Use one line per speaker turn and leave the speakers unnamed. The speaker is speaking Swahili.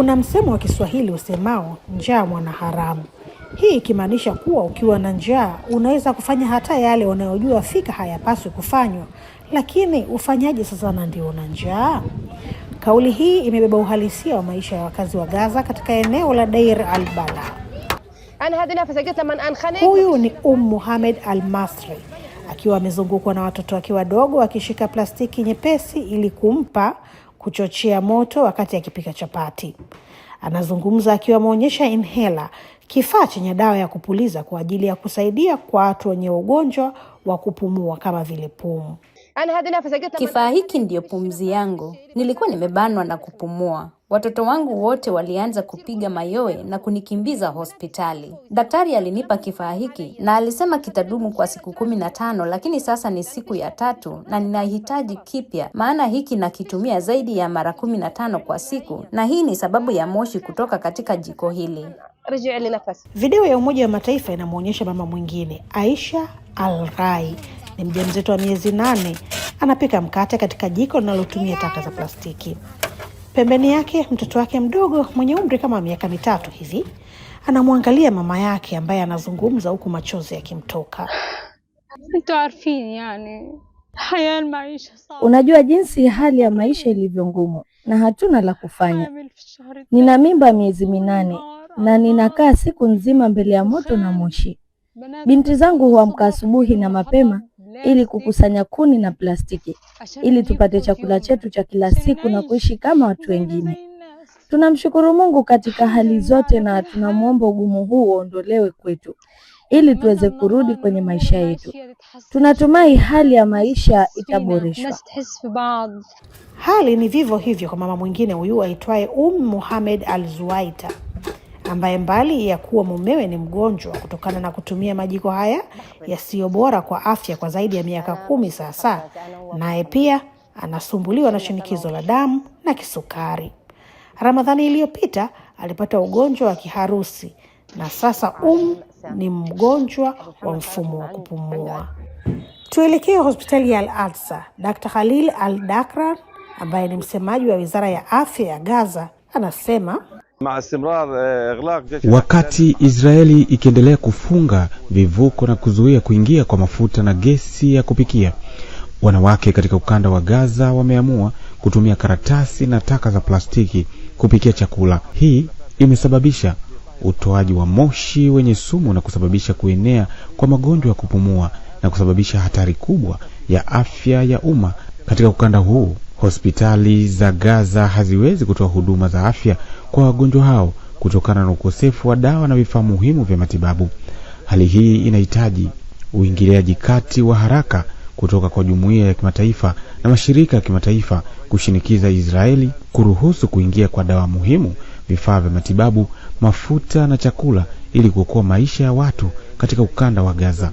Kuna msemo wa Kiswahili usemao njaa mwana haramu hii ikimaanisha kuwa ukiwa na njaa unaweza kufanya hata yale unayojua fika hayapaswi kufanywa, lakini ufanyaje sasa na ndio una njaa? Kauli hii imebeba uhalisia wa maisha ya wakazi wa Gaza katika eneo la Deir al bala Huyu ni Um Muhamed al-Masri akiwa amezungukwa na watoto wake wadogo akishika plastiki nyepesi ili kumpa kuchochea moto wakati akipika chapati. Anazungumza akiwa ameonyesha inhela, kifaa chenye dawa ya kupuliza kwa ajili ya kusaidia kwa watu wenye ugonjwa wa kupumua kama vile pumu.
Kifaa hiki ndiyo pumzi yangu, nilikuwa nimebanwa na kupumua Watoto wangu wote walianza kupiga mayowe na kunikimbiza hospitali. Daktari alinipa kifaa hiki na alisema kitadumu kwa siku kumi na tano, lakini sasa ni siku ya tatu na ninahitaji kipya, maana hiki nakitumia zaidi ya mara kumi na tano kwa siku, na hii ni sababu ya moshi kutoka katika jiko hili.
Video ya Umoja wa Mataifa inamwonyesha mama mwingine, Aisha Al-Rai, ni mjamzito wa miezi nane, anapika mkate katika jiko linalotumia taka za plastiki. Pembeni yake mtoto wake mdogo mwenye umri kama miaka mitatu hivi anamwangalia mama yake ambaye anazungumza huku machozi yakimtoka. unajua jinsi hali ya maisha ilivyo ngumu na hatuna la kufanya. Nina mimba miezi minane na ninakaa siku nzima mbele ya moto na moshi. Binti zangu huamka asubuhi na mapema ili kukusanya kuni na plastiki ili tupate chakula chetu cha kila siku na kuishi kama watu wengine. Tunamshukuru Mungu katika hali zote na tunamwomba ugumu huu uondolewe kwetu ili tuweze kurudi kwenye maisha yetu. Tunatumai hali ya maisha itaboreshwa. Hali ni vivyo hivyo kwa mama mwingine huyu aitwaye Um Muhamed Al Zuwaita ambaye mbali ya kuwa mumewe ni mgonjwa kutokana na kutumia majiko haya yasiyo bora kwa afya kwa zaidi ya miaka kumi sasa, naye pia anasumbuliwa na shinikizo la damu na kisukari. Ramadhani iliyopita alipata ugonjwa wa kiharusi na sasa Um ni mgonjwa wa mfumo wa kupumua. Tuelekee hospitali ya Al Aksa. Dkt Khalil Al dakra ambaye ni msemaji wa wizara ya afya ya Gaza anasema
Wakati Israeli ikiendelea kufunga vivuko na kuzuia kuingia kwa mafuta na gesi ya kupikia, wanawake katika ukanda wa Gaza wameamua kutumia karatasi na taka za plastiki kupikia chakula. Hii imesababisha utoaji wa moshi wenye sumu na kusababisha kuenea kwa magonjwa ya kupumua na kusababisha hatari kubwa ya afya ya umma katika ukanda huu. Hospitali za Gaza haziwezi kutoa huduma za afya kwa wagonjwa hao kutokana na ukosefu wa dawa na vifaa muhimu vya matibabu. Hali hii inahitaji uingiliaji kati wa haraka kutoka kwa jumuiya ya kimataifa na mashirika ya kimataifa kushinikiza Israeli kuruhusu kuingia kwa dawa muhimu, vifaa vya matibabu, mafuta na chakula ili kuokoa maisha ya watu katika ukanda wa Gaza.